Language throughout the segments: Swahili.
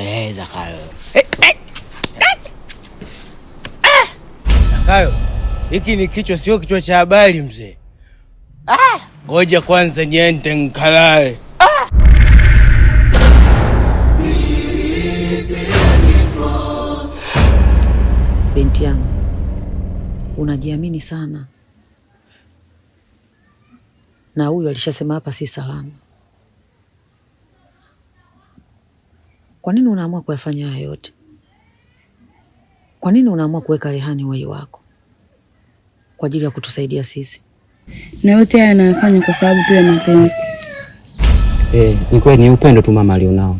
Eh, Zakayo. Eh, eh. Ah. Zakayo, hiki ni kichwa sio kichwa cha habari mzee. Ah, kwanza niende nikalale. Ah. Binti yangu, unajiamini sana, na huyu alishasema hapa si salama. Kwa nini unaamua kuyafanya haya yote? Kwa nini unaamua kuweka rehani uhai wako kwa ajili ya kutusaidia sisi? Na yote haya anayafanya kwa sababu tu ya mapenzi. Eh, ni kweli ni upendo tu mama alionao.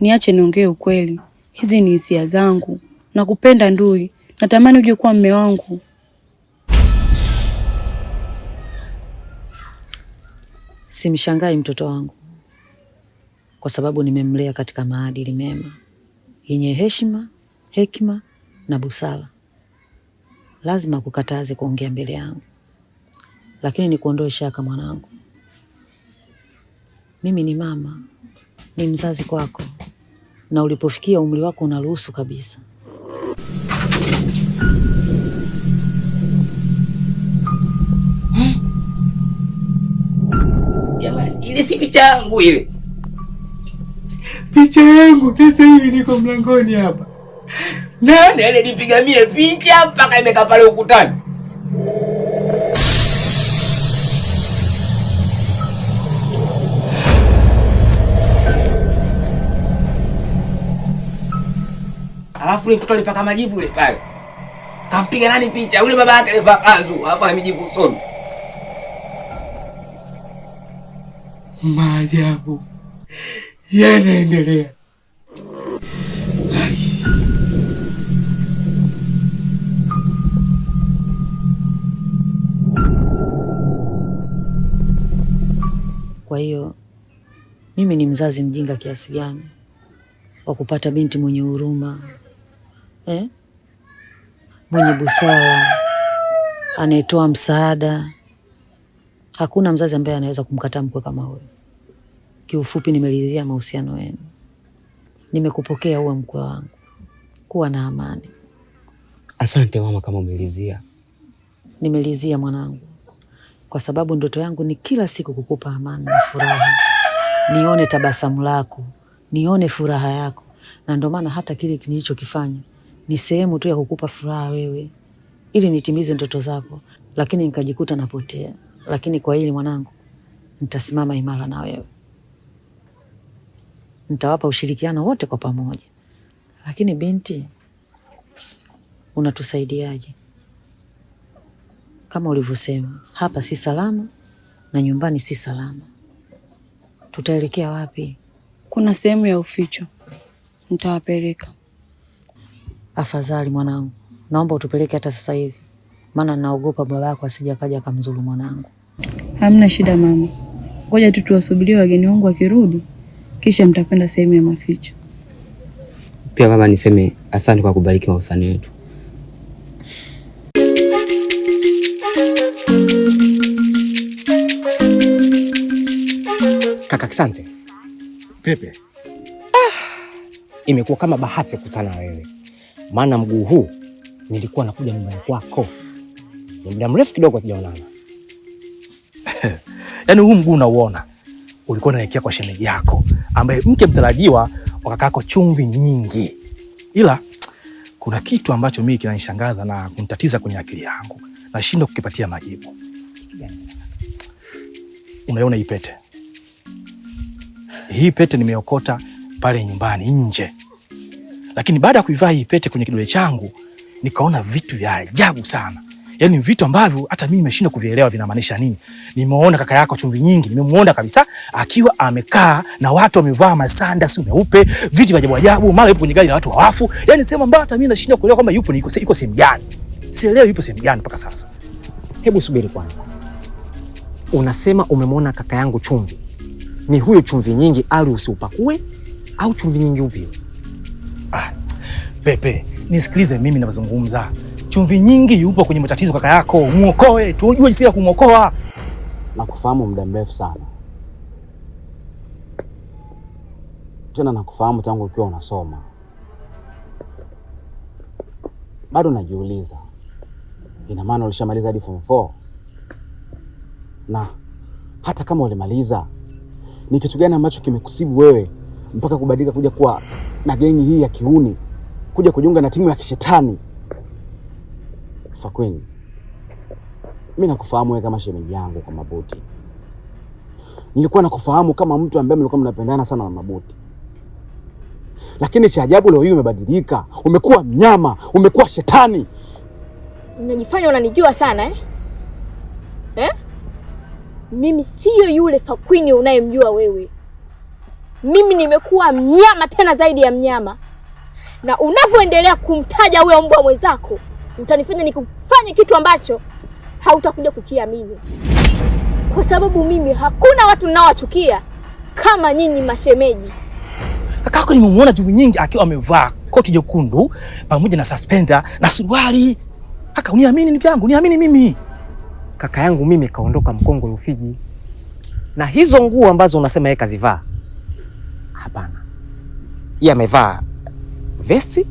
Niache niongee ukweli, hizi ni hisia zangu. Nakupenda ndui, natamani uje kuwa mme wangu. Simshangai mtoto wangu kwa sababu nimemlea katika maadili mema yenye heshima, hekima na busara. Lazima kukataze kuongea mbele yangu, lakini nikuondoe shaka, mwanangu, mimi ni mama, ni mzazi kwako, na ulipofikia umri wako unaruhusu kabisa. Jamani, ile si yangu ile picha yangu sasa hivi niko mlangoni hapa, nani alinipigamie yaani picha mpaka imeka pale ukutani? Alafu ule mtoto alipaka majivu ule pale, kampiga nani picha? Yule baba yake alivaa kanzu, alafu amejivu usoni. Maajabu yanaendelea. Kwa hiyo mimi ni mzazi mjinga kiasi gani wa kupata binti mwenye huruma eh? mwenye busara anayetoa msaada. Hakuna mzazi ambaye anaweza kumkataa mkwe kama huyo. Kiufupi, nimeridhia mahusiano yenu, nimekupokea uwe mkwe wangu. Kuwa na amani. Asante mama, kama umelizia. Nimelizia mwanangu, kwa sababu ndoto yangu ni kila siku kukupa amani na furaha, nione tabasamu lako, nione furaha yako, na ndio maana hata kile nilichokifanya ni sehemu tu ya kukupa furaha wewe, ili nitimize ndoto zako, lakini nikajikuta napotea. Lakini kwa hili mwanangu, nitasimama imara na wewe nitawapa ushirikiano wote kwa pamoja. Lakini binti, unatusaidiaje? Kama ulivyosema, hapa si salama na nyumbani si salama, tutaelekea wapi? Kuna sehemu ya uficho, nitawapeleka. Afadhali mwanangu, naomba utupeleke hata sasa hivi, maana naogopa baba yako asija kaja akamzuru mwanangu. Hamna shida mama, ngoja tu tuwasubirie wageni wangu wakirudi, kisha mtakwenda sehemu ya maficho. Pia baba, niseme asante kwa kubariki mahusiano yetu. Kaka Kisante. Pepe. Ah, imekuwa kama bahati ya kukutana na wewe, maana mguu huu nilikuwa nakuja nyumbani kwako, ni muda mrefu kidogo hatujaonana. Yaani huu mguu unauona ulikuwa unaelekea kwa shemeji yako, ambaye mke mtarajiwa wakakako chumvi nyingi, ila kuna kitu ambacho mimi kinanishangaza na kunitatiza kwenye akili yangu, nashindwa kukipatia majibu. Unaiona hii pete? Hii pete nimeokota pale nyumbani nje, lakini baada ya kuivaa hii pete kwenye kidole changu nikaona vitu vya ajabu sana yani vitu ambavyo hata mimi nimeshindwa kuvielewa vinamaanisha nini. Nimeona kaka yako chumvi nyingi, nimemuona kabisa akiwa amekaa na watu wamevaa masanda si meupe, viti vya ajabu ajabu, mara yupo kwenye gari la watu wawafu, yani sema mbaya, hata mimi nashindwa kuelewa kwamba yupo niko iko sehemu gani, sielewi yupo sehemu gani mpaka sasa. Hebu subiri kwanza, unasema umemwona kaka yangu chumvi? Ni huyo chumvi nyingi ali usiupakue au chumvi nyingi upi? Ah, Pepe nisikilize mimi ninavyozungumza Chumvi Nyingi yupo kwenye matatizo, kaka yako muokoe, tujue jinsi ya kumwokoa. Nakufahamu muda mrefu sana tena, nakufahamu tangu ukiwa unasoma. Bado najiuliza, ina maana ulishamaliza hadi form 4? Na hata kama ulimaliza, ni kitu gani ambacho kimekusibu wewe mpaka kubadilika kuja kuwa na gengi hii ya kiuni, kuja kujiunga na timu ya kishetani? Fakweni, mi nakufahamu wewe kama shemeji yangu kwa Maboti. Nilikuwa nakufahamu kama mtu ambaye mlikuwa mnapendana sana na Maboti, lakini cha ajabu leo hii umebadilika, umekuwa mnyama, umekuwa shetani. Unajifanya unanijua sana eh? Eh? Mimi siyo yule Fakwini unayemjua wewe. Mimi nimekuwa mnyama tena zaidi ya mnyama, na unavyoendelea kumtaja huyo mbwa mwenzako utanifanya nikufanye kitu ambacho hautakuja kukiamini, kwa sababu mimi hakuna watu ninaowachukia kama nyinyi mashemeji. Kakako nimemuona juu nyingi akiwa amevaa koti jekundu pamoja na suspender na suruali. Kaka uniamini, ndugu yangu, niamini mimi. Kaka yangu mimi kaondoka Mkongo Rufiji, na hizo nguo ambazo unasema yeye kazivaa, hapana, yeye amevaa vesti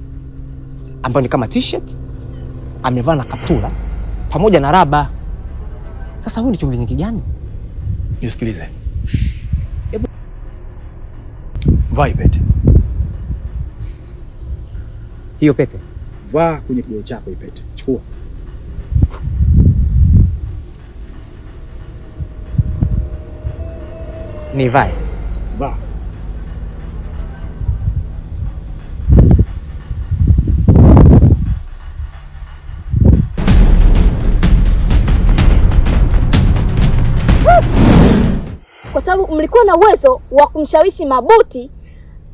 ambayo ni kama t-shirt amevaa na kaptula pamoja na raba. Sasa huyu ni chumvi nyingi gani? Nisikilize vai pete hiyo, pete vaa kwenye kidole chako. hiyo pete chukua. Ni vae vaa sababu mlikuwa na uwezo wa kumshawishi Mabuti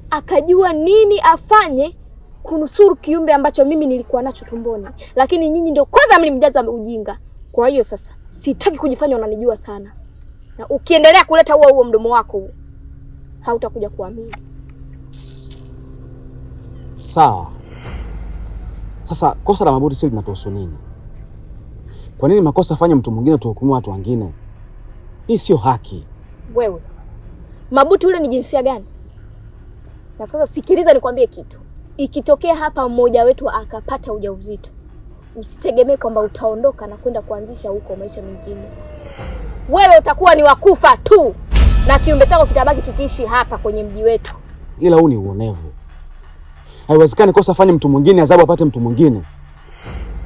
akajua nini afanye kunusuru kiumbe ambacho mimi nilikuwa nacho tumboni, lakini nyinyi ndio kwanza mlimjaza ujinga. Kwa hiyo sasa sitaki kujifanya unanijua sana, na ukiendelea kuleta huo huo mdomo wako huo hautakuja kuamini. Sawa. Sasa kosa la Mabuti sili linatuhusu nini? Kwa nini makosa afanye mtu mwingine tuhukumu watu wengine? Hii sio haki. Wewe Mabuti ule ni jinsia gani? Na sasa sikiliza, nikwambie kitu. Ikitokea hapa mmoja wetu akapata ujauzito, usitegemee kwamba utaondoka na kwenda kuanzisha huko maisha mengine. Wewe utakuwa ni wakufa tu na kiumbe chako kitabaki kikiishi hapa kwenye mji wetu. Ila huu ni uonevu, haiwezekani. Kosa fanye mtu mwingine, adhabu apate mtu mwingine.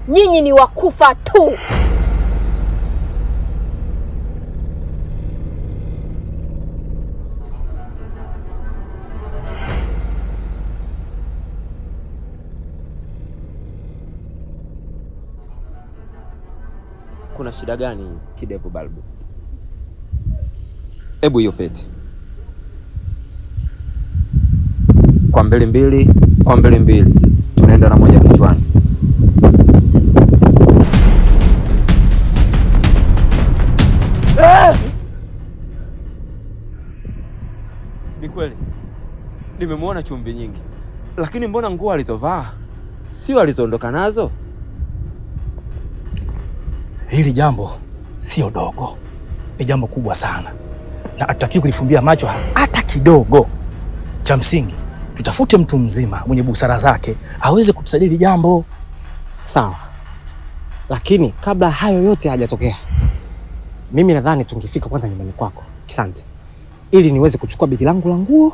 Nyinyi ni wakufa tu. shida gani kidevu balbu? Hebu hiyo pete kwa mbili mbili, kwa mbili mbili, tunaenda na moja kichwani. Eh! Ni kweli nimemwona chumvi nyingi, lakini mbona nguo alizovaa sio alizoondoka nazo? hili jambo sio dogo, ni jambo kubwa sana na hatutakiwi kulifumbia macho hata kidogo. Cha msingi tutafute mtu mzima mwenye busara zake aweze kutusaidia hili jambo. Sawa, lakini kabla hayo yote hajatokea, mimi nadhani tungefika kwanza nyumbani kwako Kisante, ili niweze kuchukua begi langu la nguo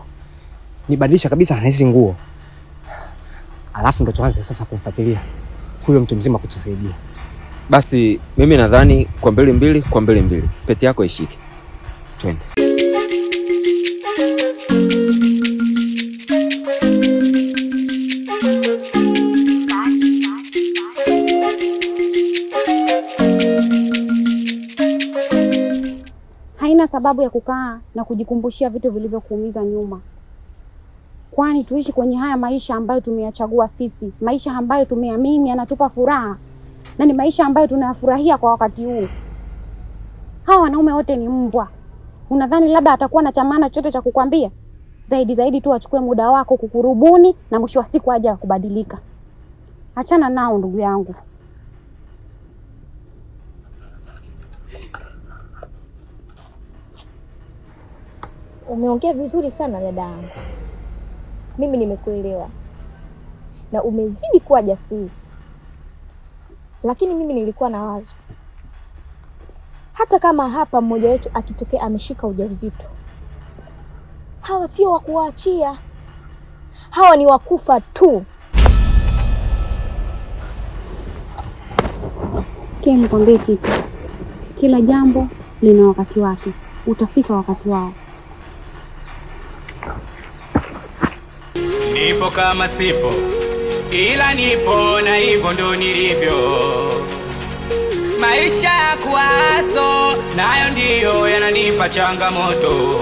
nibadilisha kabisa na hizi nguo, alafu ndo tuanze sasa kumfuatilia huyo mtu mzima kutusaidia. Basi mimi nadhani kwa mbili mbili, kwa mbili mbili, pete yako ishike, twende. sababu ya kukaa na kujikumbushia vitu vilivyokuumiza nyuma, kwani tuishi kwenye haya maisha ambayo tumeyachagua sisi, maisha ambayo tumeamini yanatupa furaha na ni maisha ambayo tunayafurahia kwa wakati huu. Hawa wanaume wote ni mbwa. Unadhani labda atakuwa na chamana chochote cha kukwambia? Zaidi zaidi tu achukue muda wako kukurubuni na mwisho wa siku aje akubadilika. Achana nao ndugu yangu. Umeongea vizuri sana dada yangu, mimi nimekuelewa na umezidi kuwa jasiri. Lakini mimi nilikuwa na wazo, hata kama hapa mmoja wetu akitokea ameshika ujauzito, hawa sio wa kuwaachia, hawa ni wakufa tu. Sikia nikwambie kitu, kila jambo lina wakati wake, utafika wakati wao. Nipo kama sipo ila nipo na hivyo ndo nilivyo. Maisha ya kuwaso nayo ndiyo yananipa changamoto.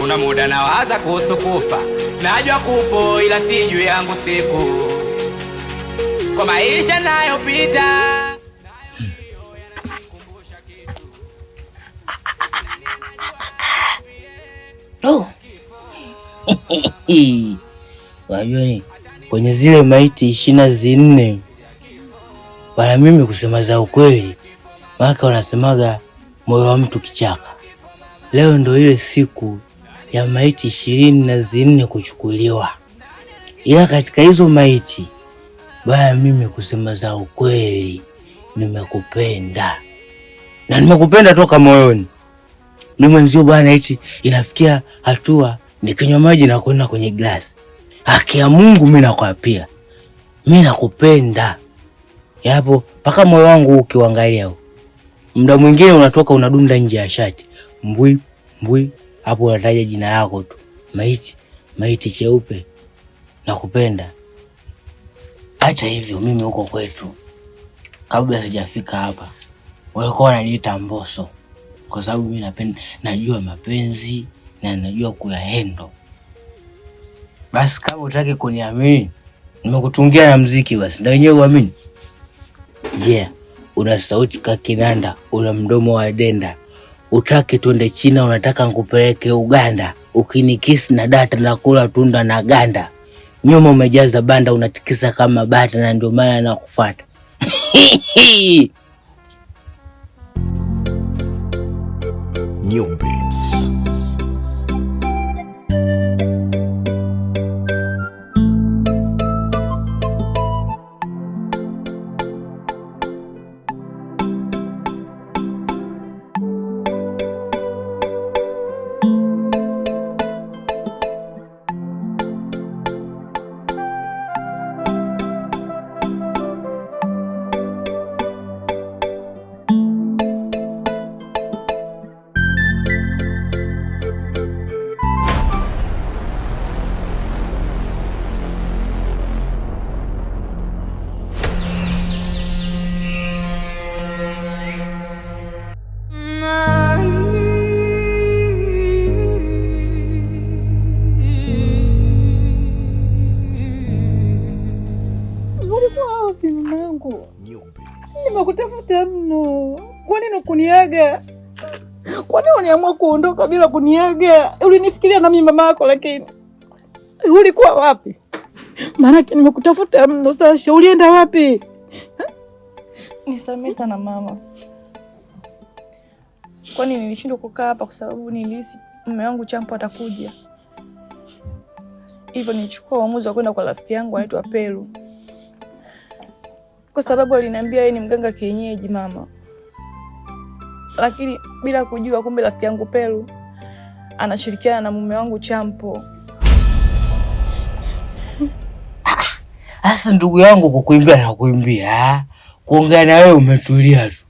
Kuna muda nawaza kuhusu kufa, najua kupo, ila si juu yangu siku kwa maisha nayopita hmm. kwenye zile maiti ishirini na zinne bana, mimi kusema za ukweli, maana wanasemaga moyo wa mtu kichaka. Leo ndo ile siku ya maiti ishirini na zinne kuchukuliwa, ila katika hizo maiti bana, mimi kusema za ukweli, nimekupenda na nimekupenda toka moyoni. Mimi mwenzio bwana, hichi inafikia hatua nikinywa maji na kwenda kwenye glasi Haki ya Mungu mimi nakwapia. Mimi nakupenda. Yapo paka moyo wangu ukiangalia huko. Muda mwingine unatoka unadunda nje ya shati. Mbwi mbwi hapo unataja jina lako tu. Maiti, maiti cheupe. Nakupenda. Hata hivyo mimi huko kwetu kabla sijafika hapa walikuwa wananiita Mboso kwa sababu mimi napenda, najua mapenzi na najua kuyahendo basi kama utaki kuniamini, nimekutungia na mziki basi, na wenyewe uamini. Je, yeah, una sauti ka kinanda, una mdomo wa denda, utaki twende China, unataka nkupeleke Uganda, ukinikisi na data na kula tunda na ganda, nyuma umejaza banda, unatikisa kama bata, na ndio maana nakufata. New beats. Ulikuwa wapi mamangu? Nimekutafuta mno. Kwa nini ukuniaga? Kwa nini uniamua kuondoka bila kuniaga? Ulinifikiria nami mama yako, lakini ulikuwa wapi? Maanake nimekutafuta mno. Sasa ulienda wapi? Nisamehe sana mama, kwani nilishindwa kukaa hapa kwa sababu nilihisi mume wangu Champo atakuja, hivyo nilichukua uamuzi wa kwenda kwa rafiki yangu anaitwa Pelu kwa sababu aliniambia yeye ni mganga kienyeji mama, lakini bila kujua, kumbe rafiki yangu Pelu anashirikiana na mume wangu Champo. Sasa ndugu yangu, kukuimbia na kuimbia, kuongea na wewe umetulia tu.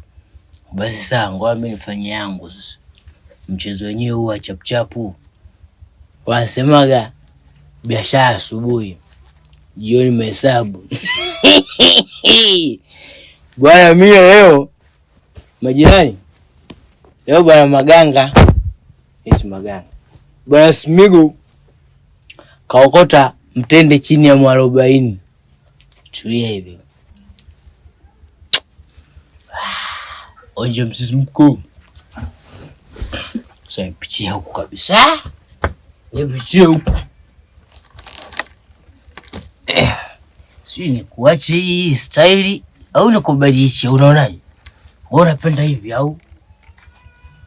Basi sawa, ngoja mimi nifanye yangu sasa. Mchezo wenyewe huwa chapuchapu, wanasemaga biashara asubuhi jioni mahesabu bwana. Mie leo majirani, leo bwana Maganga eti Maganga, bwana smigu kaokota mtende chini ya mwarobaini. Tulia hivi, onja msisi mkuu sanipichia huku kabisa, nipichie huku si kuache hii staili au nikubadilishe? Unaonaje? Wewe unapenda hivi au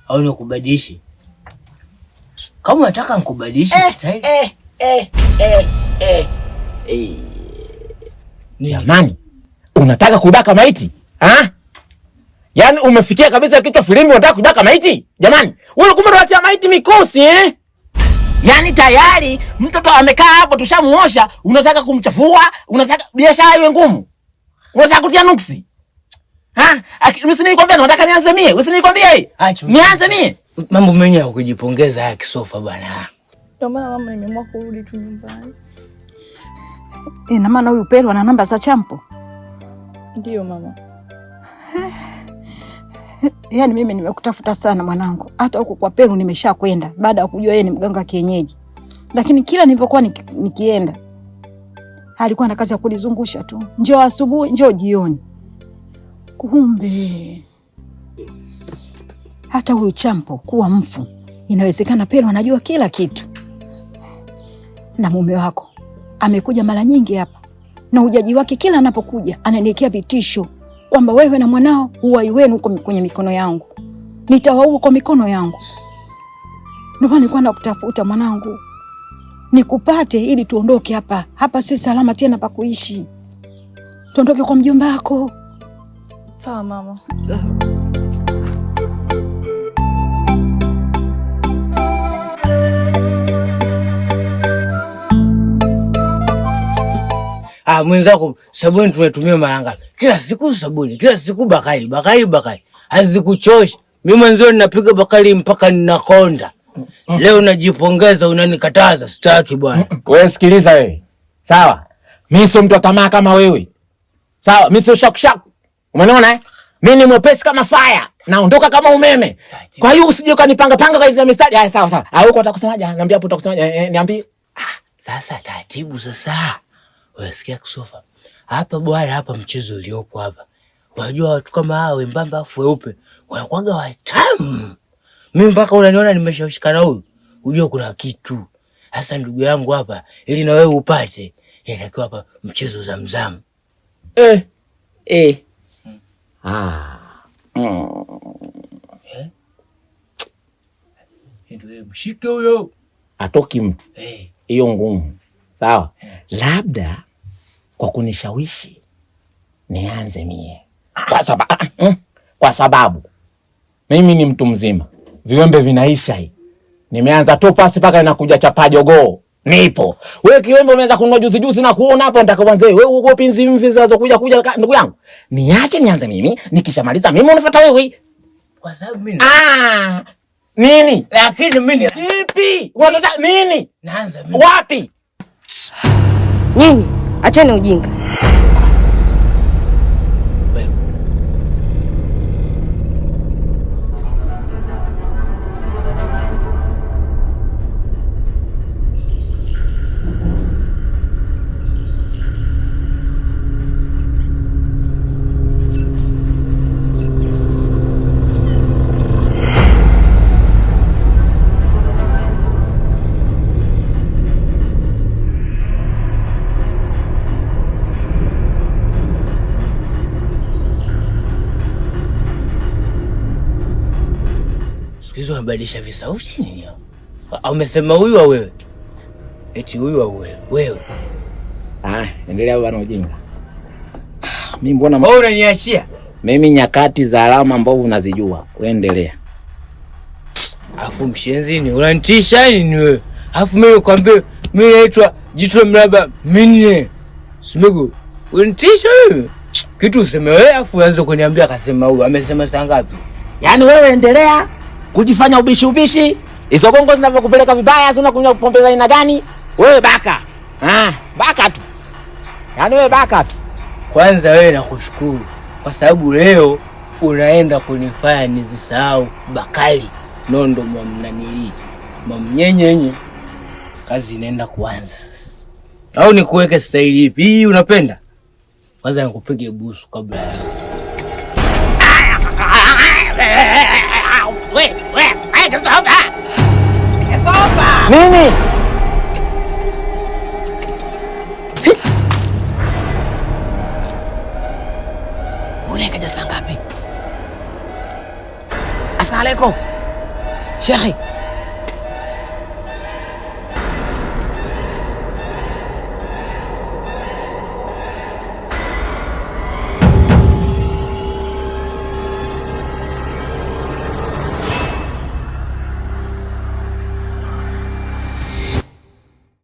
au nikubadilishe? Kama unataka nikubadilishe eh, staili eh, eh, eh, eh, eh. Ni amani, unataka kudaka maiti ha? Yaani umefikia kabisa kichwa, filimi unataka kudaka maiti? Jamani, wewe kumbe unatia maiti mikosi eh? Yaani tayari mtoto amekaa hapo, tushamuosha, unataka kumchafua, unataka biashara iwe ngumu, unataka kutia nuksi. Usinikwambia nataka nianze mie, usinikwambia nianze mie. Mambo mwenye ya kujipongeza haya kisofa bwana. Ndio maana mama nimeamua kurudi tu nyumbani. Ina eh, maana huyu Pelo ana namba za champo? Ndio mama. Eh. Yaani mimi nimekutafuta sana mwanangu, hata huko kwa Peru nimesha kwenda baada ya kujua yeye ni mganga kienyeji, lakini kila nilipokuwa nikienda alikuwa na kazi ya kulizungusha tu, njoo asubuhi, njoo jioni. Kumbe hata huyu champo kuwa mfu, inawezekana Peru anajua kila kitu. Na mume wako amekuja mara nyingi hapa na ujaji wake, kila anapokuja ananiwekea vitisho kwamba wewe na mwanao uwai wenu huko kwenye mikono yangu, nitawaua kwa mikono yangu. Ndio maana nilikuwa nakutafuta mwanangu, nikupate ili tuondoke hapa. Hapa si salama tena pa kuishi, tuondoke kwa mjomba wako. Sawa mama, sawa. Ah, mwenzako sabuni tunatumia mara ngapi? Kila siku sabuni, kila siku bakali, bakali, bakari. Hazikuchosha. Mimi mwanzo ninapiga bakali mpaka ninakonda. Leo najipongeza unanikataza, sitaki bwana. Wewe sikiliza wewe. Sawa? Mimi sio mtu wa tamaa kama wewe. Sawa, mimi sio shakushaku. Umeona eh? Mimi ni mwepesi kama fire. Naondoka kama umeme. Kwa hiyo usije ukanipanga panga kwa mistari. Haya sawa sawa. Au ah, uko utakusemaje? Niambie hapo utakusemaje? Eh, eh, niambie. Ah, sasa taratibu sasa. Unasikia kusofa hapa bwana, hapa mchezo uliopo hapa, unajua watu kama hao wembamba afu weupe wanakwanga watamu. mi mpaka unaniona na huyu, ujua kuna kitu hasa ndugu yangu hapa, ili na wewe upate inatakiwa hapa mchezo zamzam. Eh, eh. Ah. Mm. Eh? eh? Mshike huyo atoki mtu eh. hiyo. eh. Ngumu sawa. eh. labda kwa kunishawishi nianze mie ah, kwa, saba, ah, mm, kwa sababu mimi ni mtu mzima, viwembe vinaisha. Hii nimeanza tu pasi paka inakuja chapa jogoo nipo. Wewe kiwembe umeanza kunua juzi juzi na kuona hapo, nataka kwanza wewe uko pinzi mvi zinazokuja kuja, ndugu yangu, niache nianze mimi, nikishamaliza mimi unifuata wewe kwa sababu mimi ah nini, lakini mimi nipi unataka nini? Naanza mimi wapi Nini? Acheni ujinga. kubadilisha visauti nini? Au umesema huyu wa wewe? Eti huyu wa wewe? Wewe. Ah, endelea bwana ujinga. Mimi mbona wewe unaniachia? Mimi nyakati za alama mbovu nazijua. Wewe endelea. Alafu mshenzi ni unanitisha nini wewe? Afu mimi nikwambie mimi naitwa Jito Mraba minne. Simigo. Unanitisha wewe? Kitu useme wewe afu uanze kuniambia akasema huyu amesema saa ngapi? Yaani wewe endelea kujifanya ubishi ubishi. Hizo gongo zinavyokupeleka vibaya, sio unakunywa pombe za aina gani? Wewe baka. Ah, baka tu. Yaani wewe baka tu. Kwanza wewe nakushukuru kwa sababu leo unaenda kunifanya nizisahau bakali nondo mwamnanili mwamnyenyenye. Kazi inaenda kuanza sasa, au nikuweke staili ipi hii? Unapenda kwanza nikupige busu kabla ya Jerry.